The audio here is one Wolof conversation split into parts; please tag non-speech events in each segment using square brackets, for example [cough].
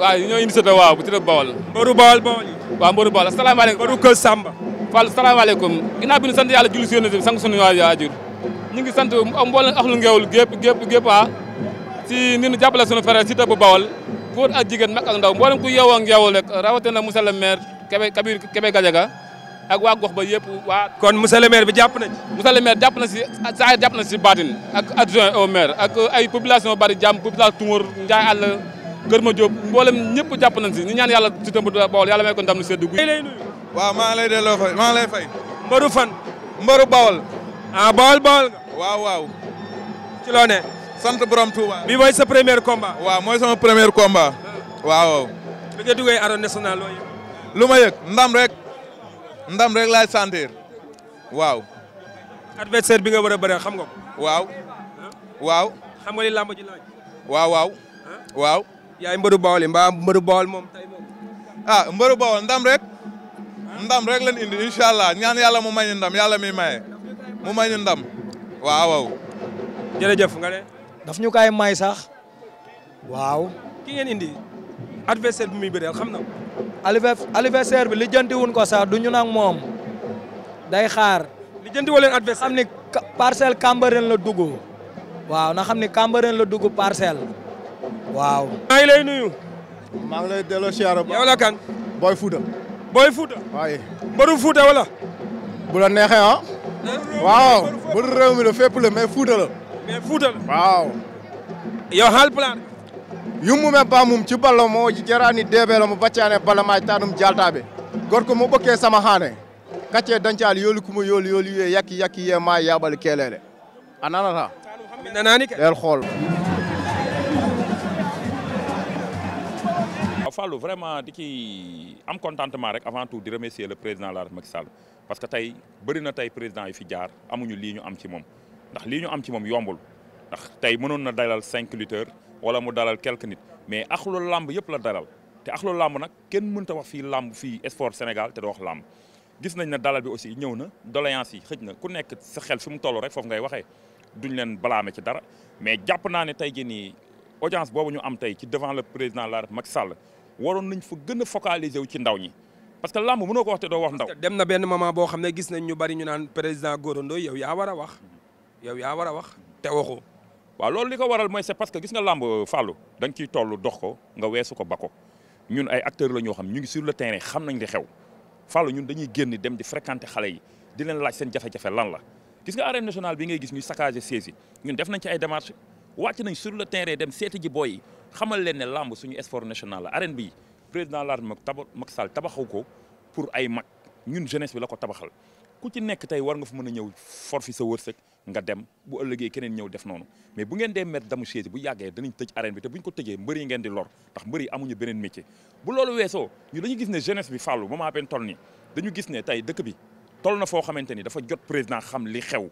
waaw ñoo indi sata waaw bu ci def bawal. mbëru bawal bawal yi. waaw Mbour Baol asalaamaaleykum. Badou Kër salaamaaleykum ginnaaw bi sant yàlla julli si yónent bi sang suñu waajur ñu ngi sant mboolem axlu ngeewul gépp gépp gépp ah si ni ñu jàppale suñu frère Siteu bu Bawol góor ak jigéen mag ak ndaw mboolem ku yeewoo ngeewul rek rawatina monsieur le maire Kébé Kabir Kébé Gadiaga ak waa gox ba yëpp waa. kon monsieur le maire bi jàpp na ci. monsieur jàpp na si saa jàpp na si baatin ak adjoint au ay population bari jàmm population Tumour Ndiaye àll. Kër Ma Diop mboolem ñëpp jàpp nañ si ñu ñaan yàlla si tëmb Bawol yàlla may ko ndam lu sedd guy lay nuyu waaw maa ngi lay delloo fay maa fan mbaru Bawol ah Bawol Bawol waaw waaw ci loo sant borom Touba bi mooy sa premier combat waaw mooy sama premier combat waaw loo lu ma ndam rek ndam rek laay nga war a xam nga ko waaw ah. waaw waaw ah. yaay mbëru Bawol yi mbaa mbëru Bawol moom tey ah, ndam rek. ndam rek lañ indi incha allah ñaan yàlla mu may ndam yàlla mi maye mu may ñu ndam waaw waaw. jërëjëf daf ñu kaay may sax. waaw. ki ngeen indi. adversaire bi muy bëreel xam na. adversaire bi lijjanti wuñ ko sax du ñu nag moom. day xaar. lijjanti woo leen adversaire. la dugg. waaw na xam ni Cambérène la dugg parcelle. waaw. maa ngi lay nuyu. maa ngi lay delloo siyaara booy yow booy kan. Boy Fouta. Boy Fouta. waaye. mbëru Fouta wala. waaw ah. mbëru réew mi la fépp la mais Fouta la. mais Fouta la. waaw. yow Haalpulaar. yummume baamum ci ballo mo jaraani deebeelo taanum jaltaaɓe gorko mo ɓokkee sama haane kacce dañcaal yooli kuma yakki yakki ye ma yaaɓal keeleele a nanata mi xool Fallou vraiment di ci am contentement rek avant tout di remercier le président la Macky Sall parce que tey bëri na tey président yu fi jaar amuñu lii ñu am ci moom ndax lii ñu am ci moom yombul ndax tey mënoon na dalal cinq lutteurs wala mu dalal quelques nit mais axlu làmb yëpp la dalal te axlu làmb nag kenn mënuta wax fii làmb fii sport Sénégal te doo wax làmb gis nañ ne dalal bi aussi ñëw na doléance yi xëj na ku nekk sa xel fi mu toll rek foofu ngay waxee duñ leen balaame ci dara mais jàpp naa ne tey jii nii audience boobu ñu am tey ci devant président la Macky Sall waroon nañ fa gën a focaliser wu ci ndaw ñi parce que làmb mënoo ko wax te doo wax ndaw. dem na benn moment boo xam ne gis nañ ñu bari ñu naan président Gora Ndoye yow yaa war a wax yow yaa war a wax te waxoo. waaw loolu li ko waral mooy c'est parce que gis nga làmb Fallou da nga ciy toll dox ko nga weesu ko ba ko ñun ay acteur la ñoo xam ñu ngi sur le terrain xam nañ li xew Fallou ñun dañuy génn dem di fréquenter xale yi di leen laaj seen jafe-jafe lan la gis nga arène nationale bi ngay gis ñuy saccager sièges ñun def nañ ci ay démarches. wàcc nañ sur le terrain dem seeti ji booy yi xamal leen ne làmb suñu sport national la arène bi président Lat Macky Sall tabaxu ko pour ay mag ñun jeunesse bi la ko tabaxal ku ci nekk tey war nga fa mën a ñëw for fi sa wërsëg nga dem bu ëllëgee keneen ñëw def noonu mais bu ngeen dee met damu chaise bu yàggee danañ tëj arène te buñ ko tëjee mbëri ngeen di lor ndax mbëri amuñu beneen métier bu loolu weesoo ñu dañu gis ne jeunesse bi fàllu moment benn toll ni dañu gis ne tey dëkk bi toll na foo xamante ni dafa jot président xam li xew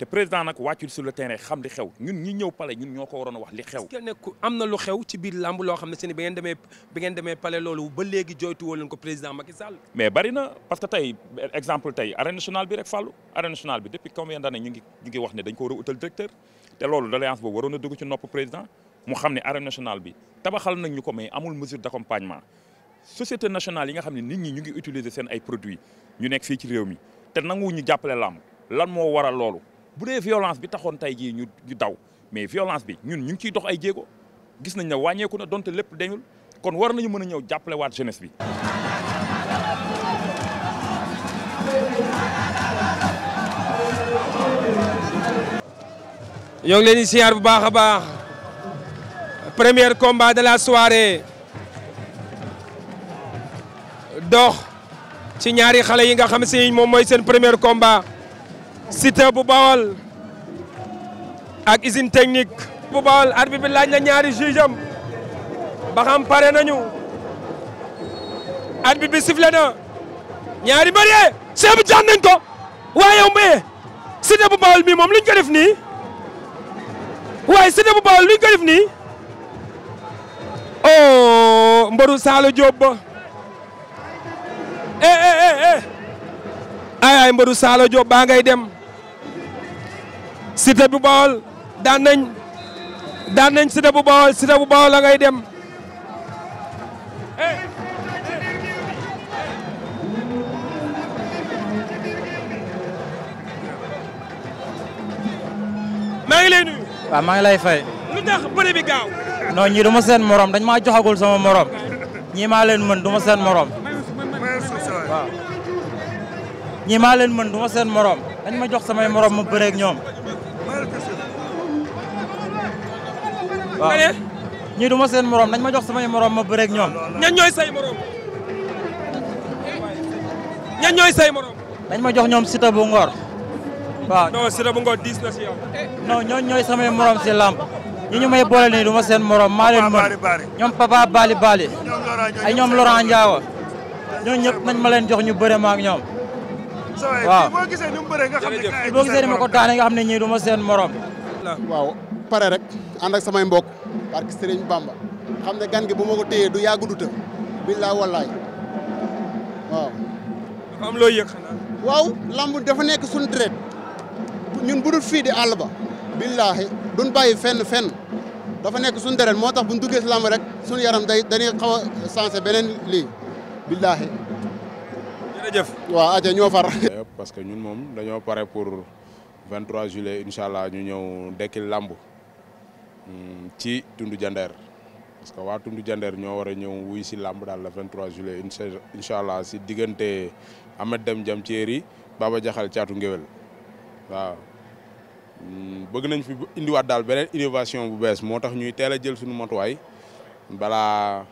te président nag wàccul sur le terrain xam li xew ñun ñi ñëw pale ñun ñoo ko waroon a wax li xew. est nekk am na lu xew ci biir làmb loo xam ne si ni bi ngeen demee bi ngeen demee pale loolu ba léegi jooytu woo leen ko président Macky Sall. mais bari na parce que tey exemple tey arène nationale bi rek fàllu arène nationale bi depuis combien d'années ñu ngi ñu ngi wax ne dañ ko war a utal directeur te loolu doléance boobu waroon a dugg ci nopp président mu xam ne arène nationale bi tabaxal nañ ñu ko mais amul mesure d'accompagnement société nationale yi nga xam ne nit ñi ñu ngi utiliser seen ay produits ñu nekk fii ci réew mi te nanguwu ñu jàppale làmb lan moo waral loolu bu dee violence bi taxoon tey jii ñu ñu daw mais violence bi ñun ñu ngi ciy dox ay jéego gis nañ ne wàññeeku na donte lépp dañul kon war nañu mën a ñëw jàppale waat jeunesse bi. ñoo ngi leen di siyaar bu baax a baax premier combat de la soirée dox ci ñaari xale yi nga xam si moom mooy seen premier combat. Siteu bu bawal ak usine technique bu bawal arbitre bi laaj na ñaari juge am ba xam pare nañu arbitre bi sifflé na ñaari mbër yee Cheikh bi jaan nañ ko waaye yow maye bu bawal mi moom luñ ko nii waaye Siteu bu bawal luñ ko nii oh mbaru Saalum Diop ba mbaru Saalum Diop baa ngay dem Siteu bu Bawol daan nañ daan nañ Siteu bu Bawol bu Bawol la ngay dem. maa ngi lay nuyu. maa ngi lay fay. lu tax bëre bi gaaw. non ñii du ma seen morom dañ maa joxagul sama moroom ñii maa leen mën du ma seen morom. ñii maa leen mën du seen morom dañ ma jox samay moroom mu bëreeg ñoom. waa ñii du ma seen moroom nañ ma jox samay moroom ma bëreeg ñoom. ñan ñooy say morom. ñooy say morom. dañ ma jox ñoom Siteu bu Ngor. waaw non Siteu bu Ngor diis na si yow. non ñooñu ñooy samay morom si làmb ñu may boole nii du ma seen morom maa leen mën ñoom Papa Bali Bali ay ñoom Laurent Ndiawa ñooñu ñëpp ma leen jox ñu bëre ma ak ñoom. waaw boo gisee ni ma ko daane nga xam ñii du ma seen morom. waaw. pare rek ànd ak samay mbok parce que Serigne Bamba xam ne gan gi bu ma ko téyee du yàgg du të billaa wallaay waaw. dafa lamb dafa nekk suñu deret ñun bu fii di àll ba. billaahi duñ bàyyi fenn fenn dafa nekk suñu deret moo tax bu duggees duggee lamb rek suñu yaram day dañuy xaw a beneen lii billaahi. jërëjëf. aja ñoo far. [laughs] parce que ñun moom dañoo pare pour 23 juillet incha allah ñu ñëw dekkil lamb. ci tund jandeer parce que waa tundu jandeer ñoo war a ñëw wuy si làmb daal la le 23 juillet incha allah si diggante Ahmed dem Jam Thierry Baba Jaxal caatu ngéwél waaw hmm, bëgg nañ fi bu indiwaat daal beneen innovation bu bees moo tax ñuy teel a jël suñu matuwaay balaa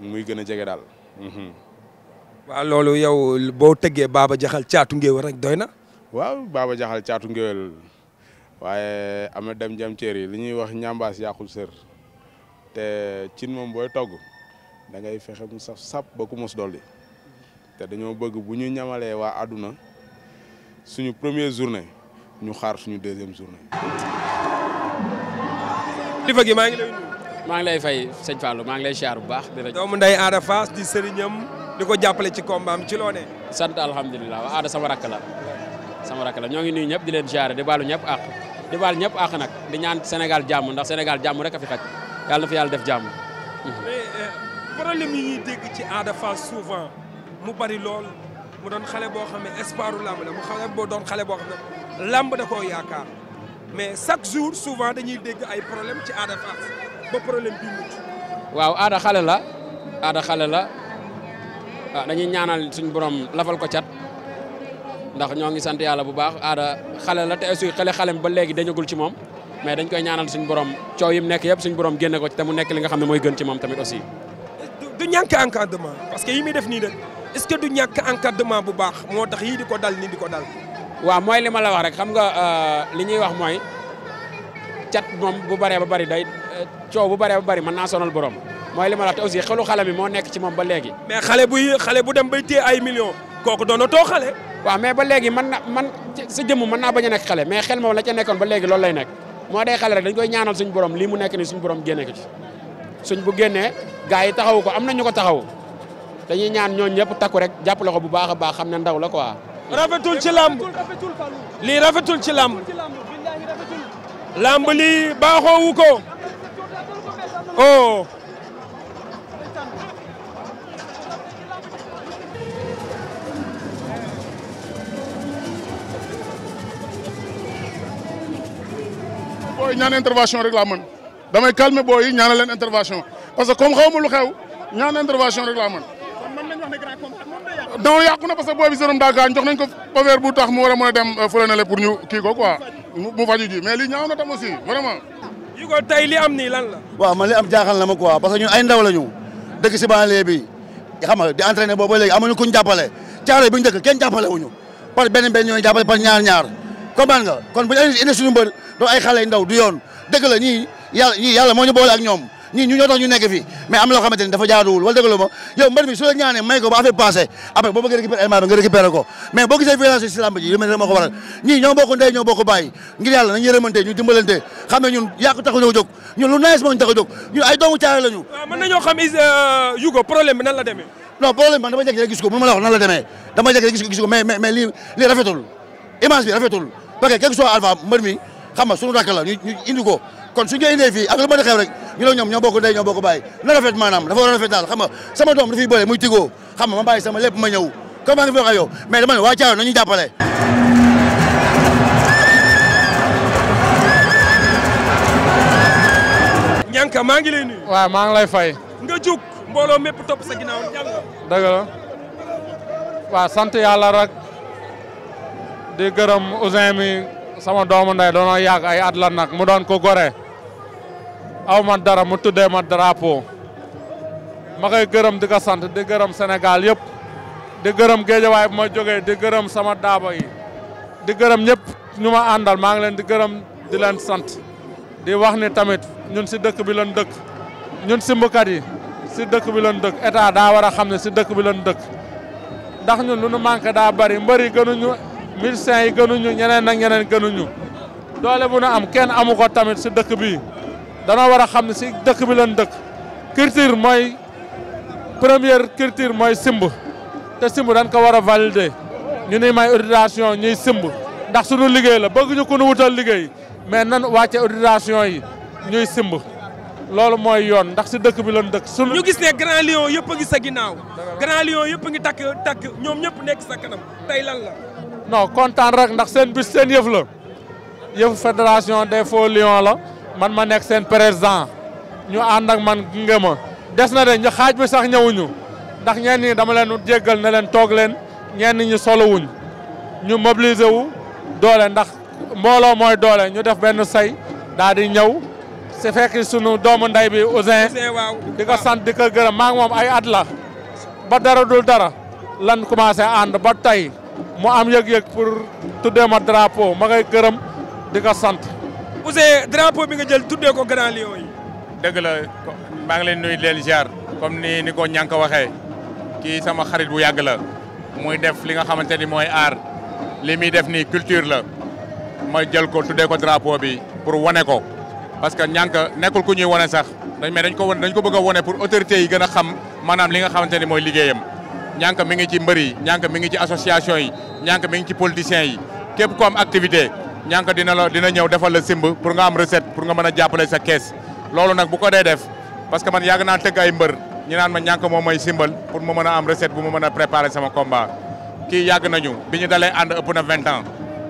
muy gën a jege daal. Hmm. waaw loolu yow boo tëggee Baba Jaxal caatu ngéwél rek doy na. waaw Baba Jaxal caatu ngéwél. waaye ama dem jam ceer yi li ñuy wax ñambaas yàqul sër te cin moom booy togg dangay fexe mu saf sap ba ku mos dolli te dañoo bëgg bu ñu ñamalee waa àdduna suñu premier journée ñu xaar suñu deuxième journée. kilifa gi maa ngi lay nuyu. maa ngi lay fay sëñ Fallou maa ngi lay siyaar bu baax. doomu nday Ada Fass di sëriñam di ko jàppale ci kombaam ci loo ne. sant alhamdulilah waa Ada sama rakk la sama rakk la ñoo ngi nuyu ñëpp di leen siyaare di baalu ñëpp àq. di baal ñëpp àq nag di ñaan Sénégal jàmm ndax Sénégal jàmm rek a fi xaj yàlla na fi yàlla def jàmm. mais euh, problème yi ñuy dégg ci Ada Fass souvent mu bari lool mu doon xale boo xam ne espoiru làmb la mu boo doon xale boo xam koo yaakaar mais chaque jour souvent dañuy dégg ay problème ci Ada Fass ba problème bi mucc. waaw Ada xale la Ada xale la ah, dañuy ñaanal suñu borom lafal ko cat. ndax ñoo ngi sant yàlla bu baax aada xale la te aussi xale xalem ba léegi dañagul ci moom mais dañ koy ñaanal suñu borom coow yi mu nekk yëpp suñ borom génne ko te mu nekk li nga xam ne mooy gën ci moom tamit aussi. du ñàkk encadrement parce que yi muy def nii rek est-ce que du ñàkk encadrement bu baax moo tax yii di ko dal nii di ko dal. waaw mooy li ma la wax rek xam nga euh, li ñuy wax mooy cat moom bu baree ba bari day euh, coow bu bare ba bari mën naa sonal borom mooy li ma la wax te aussi xelu xale mi moo nekk ci moom ba léegi. mais xale bu dem bay ay millions kooku waaw mais ba léegi man na man sa jëmm mën naa bañ a nekk xale mais xel moom la ca nekkoon ba léegi loolu lay nekk moo day xale rek dañ koy ñaanal suñu borom li mu nekk ni suñu borom génne suñ bu génnee gars yi taxaw ko am na ñu ko taxaw dañuy ñaan ñooñu ñëpp takku rek jàppale ko bu baax a baax xam ne ndaw la quoi. rafetul ci lamb li rafetul ci làmb làmb lii baaxoowu ko oh. booy ñaan intervention rek a mën damay calmer booy yi ñaanal leen intervention parce que comme xaw ma lu xew ñaan intervention rek laa mën. kon mën parce que booy mu war a mën a dem euh, vraiment. yi li am nii lan la. waaw am jaaxal na ma parce que ñun ay ndaw ñu dëkk si banlieue bi xam nga di entraîné boobu ba léegi amuñu kuñ jàppale bi njëkk kenn jàppale wuñu par benn benn ñooy jàppale par ñaar ñaar comprendre nga kon bu ñu indi suñu yoon dëgg la ñii yàlla ñii yàlla moo ñu boole ak ñoom ñii ñu ñoo tax ñu nekk fi mais am loo xamante ni dafa jaaduwul wala dëgg la ma yow mbër mi su la ñaanee may ko ba affaire passé après boo bëggee récupérer élément nga récupérer ko mais boo gisee violence ci lamb ji ñu dimbalante xam ne taxu ñoo ñu a jóg ñun ay doomu caare la ñu waaw ah, mën nañoo xam Yougo euh, problème bi nan la demee non problème man nan la demee dama jekk rek gis gis ko mais lii rafetul image bi rafetul parce que quel que soit Alpha mbër xam nga suñu rakk la ñu indi ko kon suñu koy indee fii ak lu mën a xew rek ñu la ñoom ñoo bokk ndey ñoo bokk bàyyi na rafet maanaam dafa war a rafet daal xam nga sama doom dafay bëre muy tigoo xam nga ma bàyyi sama lépp ma ñëw comme a ngi fi wax ak yow mais dama ne waa Thiaroye nañu jàppale ñànka maa ngi lay nuyu waaw maa ngi lay fay nga jug mbooloo mépp topp sa ginnaaw jàng dëgg la waaw di gërëm Ousin mi sama doomu ndey doonoo yàgg ay at la nag mu doon ko gore aw ma dara mu tuddee ma drapeau ma koy gërëm di ko sant di gërëm senegal yëpp di gërëm géejawaay bu ma jógee di gërëm sama daaba yi di gërëm ñëpp ñu ma àndal maa ngi leen di gërëm di leen sant di wax ni tamit ñun si dëkk bi lañ dëkk ñun simbukat yi si dëkk bi lan dëkk état daa war a xam ne si dëkk bi lañ dëkk ndax ñun lu nu manqué daa bari mbëri gënuñu médecins yi gënuñu ñeneen ak ñeneen gënuñu doole bu a am kenn amu ko tamit si dëkk bi danoo war a xam ne si dëkk bi lan dëkk culture mooy première culture mooy simb te simb dañ ko war a valider ñu ni may autorisation ñuy simb ndax suñu liggéey la bëgg ñu ko nu wutal liggéey mais nan wàcce autorisation yi ñuy simb loolu mooy yoon ndax si dëkk bi lan dëkk suñu ñu gis ne grand lion yëpp a ngi sa ginnaaw grand lion yëpp a ngi takk takk ñoom ñëpp nekk sa kanam tey lan la non kontaan rek ndax seen bis seen yëf la yëfu fédération des faux lions la man ma nekk seen président ñu ànd ak man gunge ma des na de ñu xaaj bi sax ñëwuñu ndax ñenn dama leen jéggal na leen toog leen ñenn ñu solowuñ ñu mobiliser wu doole ndax mbooloo mooy doole ñu def benn say daal di ñëw su fekk sunu doomu nday bi Ousin di ko sant di ko gërëm maa moom ay at ba dara dul dara lan commencé ànd ba tey mu am yëg-yëg pour tuddee ma drapeau ma koy gërëm di ko sant. Ouzin drapeau bi nga jël tuddee ko Grand Lion yi. dëgg la maa ngi leen nuyu leen ziar comme ni ni ko ñànk waxee kii sama xarit wu yàgg la muy def li nga xamante ni mooy ar li muy def nii culture la ma jël ko tuddee ko drapeau bi pour wane ko parce que ñànk nekkul ku ñuy wane sax dañ mais dañ ko wane dañ ko bëgg wane pour autorité yi gën a xam maanaam li nga xamante ni mooy liggéeyam. ñànk mi ngi ci mbër yi ñànk mi ngi ci association yi ñànk mi ngi ci politiciens yi képp ko am activité ñànk dina la dina ñëw defal la simb pour nga am recette pour nga mën a jàppale sa kees loolu nag bu ko dee def parce que man yàgg naa tëgg ay mbër ñi naan ma ñànk moom mooy simbal pour ma mën a am recette bu mu mën a préparer sama combat kii yàgg nañu bi ñu dalee ànd ëpp na 20 ans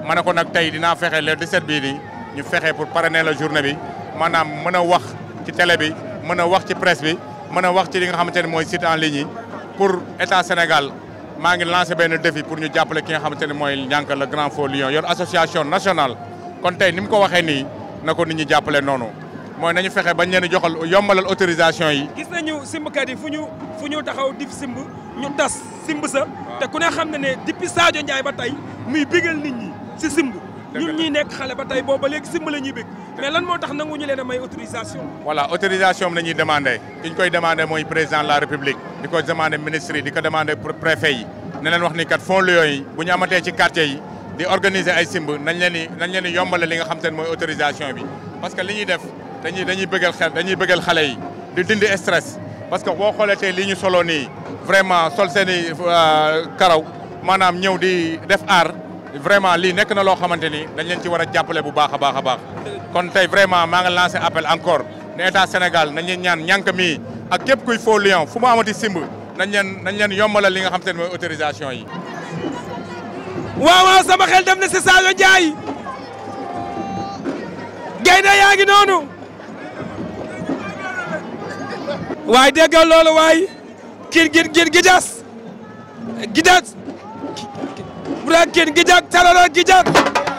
ma ne ko nag tey dina fexe le 17 bii nii ñu fexe pour nee la journée bi maanaam mën a wax ci télé bi mën a wax ci presse bi mën a wax ci li nga xamante ne mooy site en ligne pour état Sénégal maa ngi lancé benn défi pour ñu jàppale ki nga xamante ne mooy Ndianka le grand faux lion yor association nationale. kon tey ni mu ko waxee nii na ko nit ñi jàppale noonu mooy nañu fexe ba leen joxal yombalal autorisation yi. gis nañu simbkat yi fu ñu fu ñu taxaw di simb ñu tas simb sa. te ku ne xam na ne depuis Sadio Ndiaye ba tey muy bigal nit ñi si simb. ñun ñii nekk xale ba tey boobu ba léegi simb la lan moo tax nangu ñu leen a may autorisation. voilà autorisation bi la ñuy demandé ki koy demandé mooy président la république di ko demandé ministre yi di ko demandé préfet yi ne leen wax ni kat fonds Lions yi bu ñu amatee ci quartier yi di organiser ay simb nañ leen di nañ leen di yombale li nga xam te ne mooy autorisation bi parce que li ñuy def dañuy dañuy bëggal xel dañuy bëggal xale yi di dindi stress parce que boo xoolee tey li ñu solo nii vraiment sol seen i euh, karaw maanaam ñëw di def aar vraiment lii nekk na loo xamante ni dañ leen ci war a jàppale bu baax a baax a baax kon tey vraiment maa ngi lancé appel encore ne état Sénégal nañ leen ñaan ñànk mii ak képp kuy faux lion fu mu amati simb nañ leen nañ leen yombalal li nga xam te ne mooy autorisation yi. waaw waaw sama xel dem na si Sadio Ndiaye. gaynde noonu. waay déggal loolu waay. kii gi gi gidas gidas Buraya Kane Guidiack Thiaroye Guidiack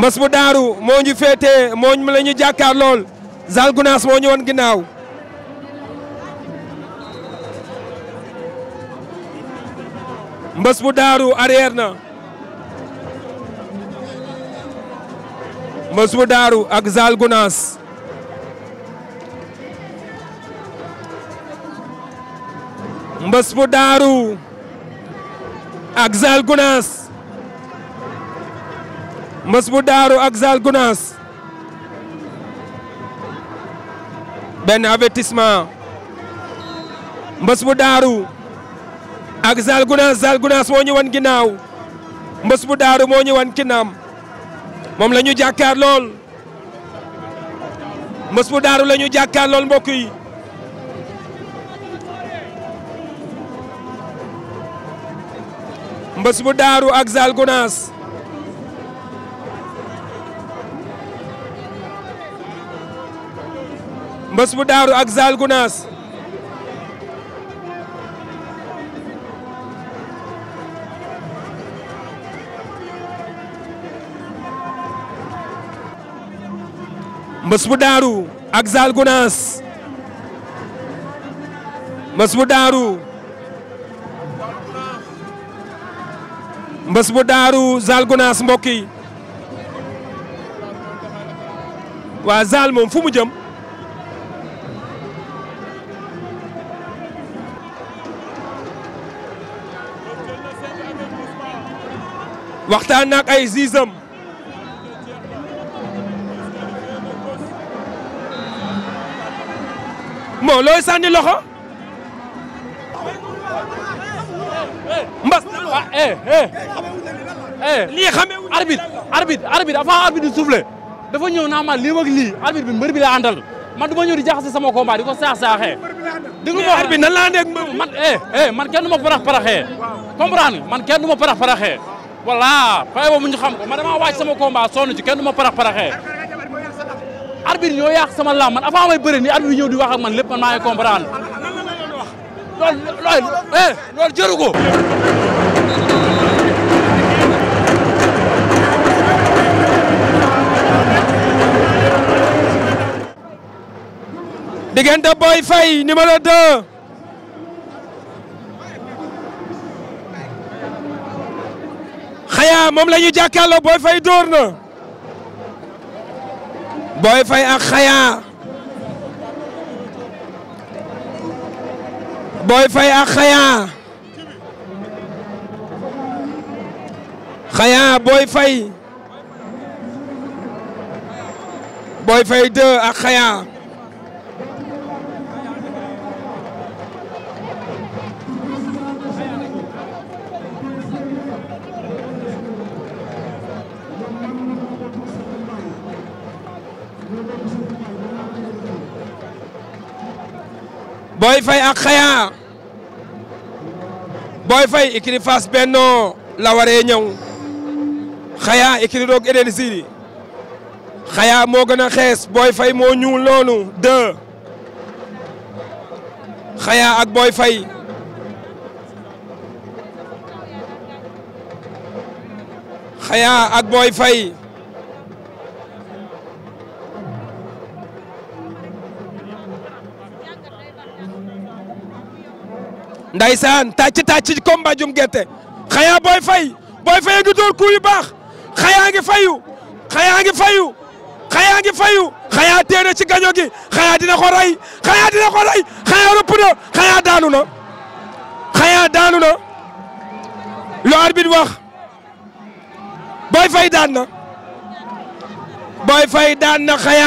mbas bu daaru moo ñu féetee moo ñu la ñu jàkkaar lool Zal Gounass moo ñu woon ginnaaw mbas bu daaru arrière na mbas bu daaru ak Zal Gounass mbas bu daaru ak Zal Gounass mbës bu daaru ak Zal Gounass benn avertissement mbës bu daaru ak Zal Gounass Zal Gounass moo ñu wan ginnaaw mbës bu daaru moo ñu wan kinam moom lañu ñu jàkkaar lool mbës bu daaru la ñu jàkkaar lool mbokk yi bu daaru ak Zal Gounass mbës bu daaru ak Zal Gunaas mbës ak Zal Gunaas mbës mbës bu daaru Zal mbokk yi waa Zal moom fu mu jëm waxtaan na ak ay zizam moo looy sànni loxo mbas ah eh eh lii xamee wu arbitre arbitre arbitre avant arbitre du soufflé dafa ñëw naa ma lii ak lii arbitre bi mbër bi la àndal man du ma ñëw di jaxase sama combat di ko saax saaxee. dégg nga arbitre nan laa nekk man eh eh man kenn du ma parax paraxee. comprendre man kenn voilà fay boobu ñu xam ko ma damaa wàcc sama combat sonn kenn du ma parax paraxee. arbitre ñoo yàq sama lamb man avant may bëre nii arbitre ñëw di wax ak man lépp man maa ngi comprendre. loolu loolu eh, loolu jëru ko. diggante xayaa moom la ñu jàkkaarloo Boy Faye dóor na Boy Faye ak xayaa Boy Faye ak xayaa xayaa Boy Faye Boy Faye 2 ak xayaa Boy Faye ak Khaya Boy Faye écurie Fass Benno la waree ñëw Khaya écurie Rock Énergie Khaya moo gën a xees booy fay moo ñuul noonu deux Khaya ak Boy Faye Khaya ak Boy Faye ndaysaan tàcc tàcc combat jum gerte xayaa booy fay booy fay ngi door ku baax xayaa ngi fayu xayaa ngi fayu xayaa ngi ci gaño gi xayaa dina ko rey xayaa dina ko rey xayaa rëpp na xayaa daanu na xayaa wax booy fay daan na booy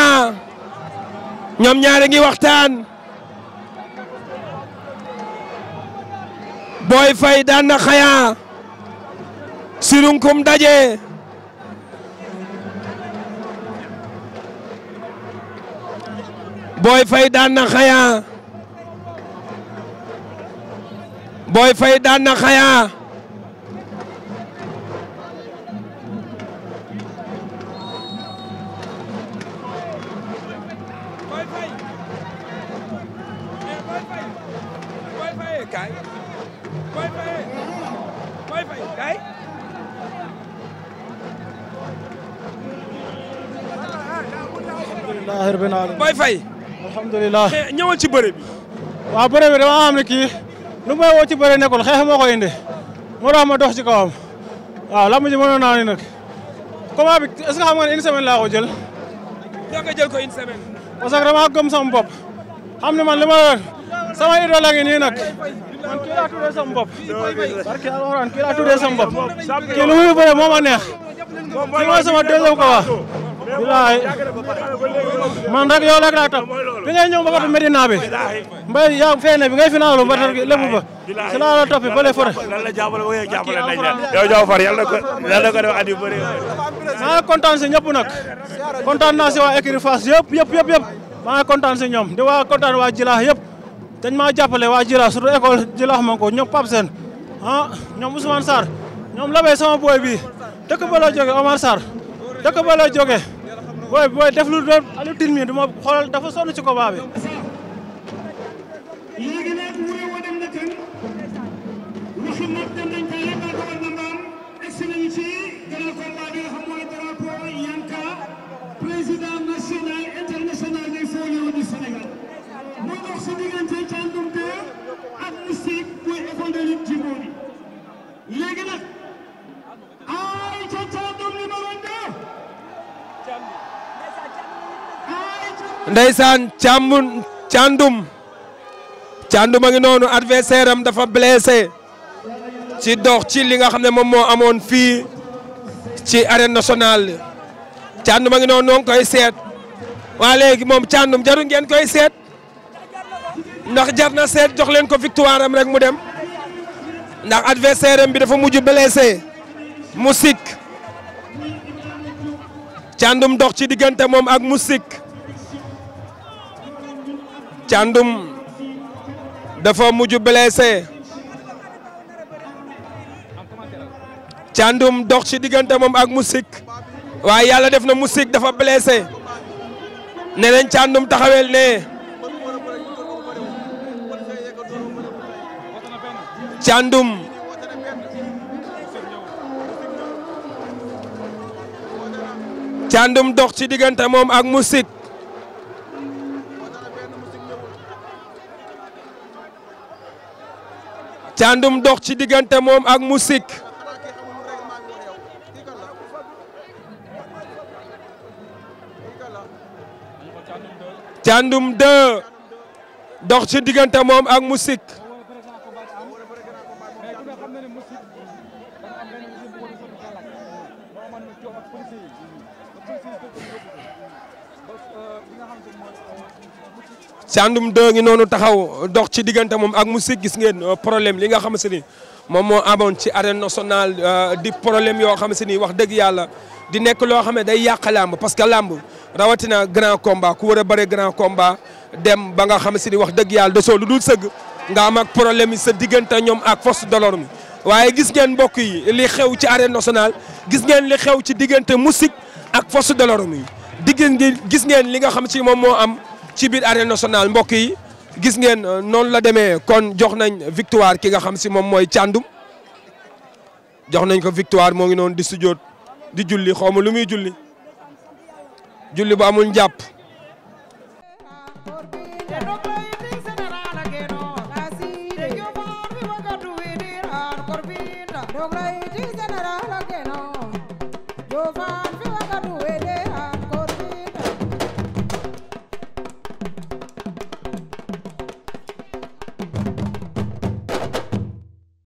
ñoom ñaari ngi waxtaan booy Faye daan na Xaya Sirukum daje booy Faye daan na Xaya Boy na Xaya alhamdulilah mais ñëwal ci bëre bi. waaw dama am ne kii lu may woo ci nekkul xeex moo ko indi moo tax ma dox ci kawam waaw lamb ji mënoon naa ne nag combat bi est xam nga ne une semaine laa ko jël. doo nga jël ko dama gëm sama bopp xam ne ma yor sama idole sama bopp. barke alxuraan kii laa tuddee sama bopp kii lu muy bëre moo ma neex kii mooy sama deuxième bilaay man rek yow rek laa tax bi ngay ñëw mbapatu Medina bi mbay yaa feene bi ngay finaalu mbatal gi lépp ba si laa la toppee ba lay fore lan la jàppale wooyee jàppale nañ la yow jaw far yàlla ko yàlla ko def at yu bëri maa ngi kontaan si ñëpp nag kontaan naa si waa écurie Fass yëpp yëpp yëpp yëpp maa ngi kontaan si ñoom di waa kontaan waa Jilaax yëpp dañ maa jàppale waa Jilaax surtout école Jilaax ma ko ñoom Pape Sène ah ñoom Ousmane Sarr ñoom labay sama boy bi dëkk ba la jóge Omar Sarr dëkk ba la jóge booy booy def lu doon Alioune Tine mi du ma xoolal dafa sonn ci combat bi. léegi nag mu ngi wane ne ko yëngal Yanka président national international des folios du Sénégal. moo dox si diggante Thiandoum 2 ak Moustique muy école de lutte Djibouti léegi nag ay ca ndeysaan càmm càndum càndum a ngi noonu adversaire am dafa blessé ci dox ci li nga xam ne moom moo amoon fii ci arène nationale càndum a ngi noonu noonu koy seet waa léegi moom càndum jaru ngeen koy seet ndax jar na seet jox leen ko victoire am rek mu dem ndax adversaire am bi dafa mujj blessé Moustique càndum dox ci diggante moom ak Moustique Thiandoum dafa mujj blessé Thiandoum dox ci diggante moom ak Moustik waaye yàlla def na Moustik dafa blessé ne nañ Thiandoum taxawel ne Thiandoum Thiandoum dox ci diggante moom ak Moustik càndum dox ci diggante moom ak musik ci diggante moom ak musik Thiandoum 2 ngi noonu taxaw dox ci diggante moom ak Moustique gis ngeen euh, problème li nga xam se ni moom moo amoon ci arène nationale euh, di problème yoo xam se ni wax dëgg yàlla di nekk loo xam ne day yàq làmb parce que làmb rawatina grand combat ku war a bëre grand combat dem ba nga xam si ni wax dëgg yàlla desoo lu dul sëgg nga am ak problème yi sa diggante ñoom ak force de l'ordre mi waaye gis ngeen mbokk yi li xew ci arène nationale gis ngeen li xew ci diggante Moustique ak force de l'ordre mi diggante li nga xam si moom moo am ci biir arène national mbokk yi gis ngeen euh, noonu la demee kon jox nañ victoire ki nga xam si moom mooy càndum jox nañ ko victoire moo ngi noonu di sujjoot di julli xaw lu muy julli julli bu amul njàpp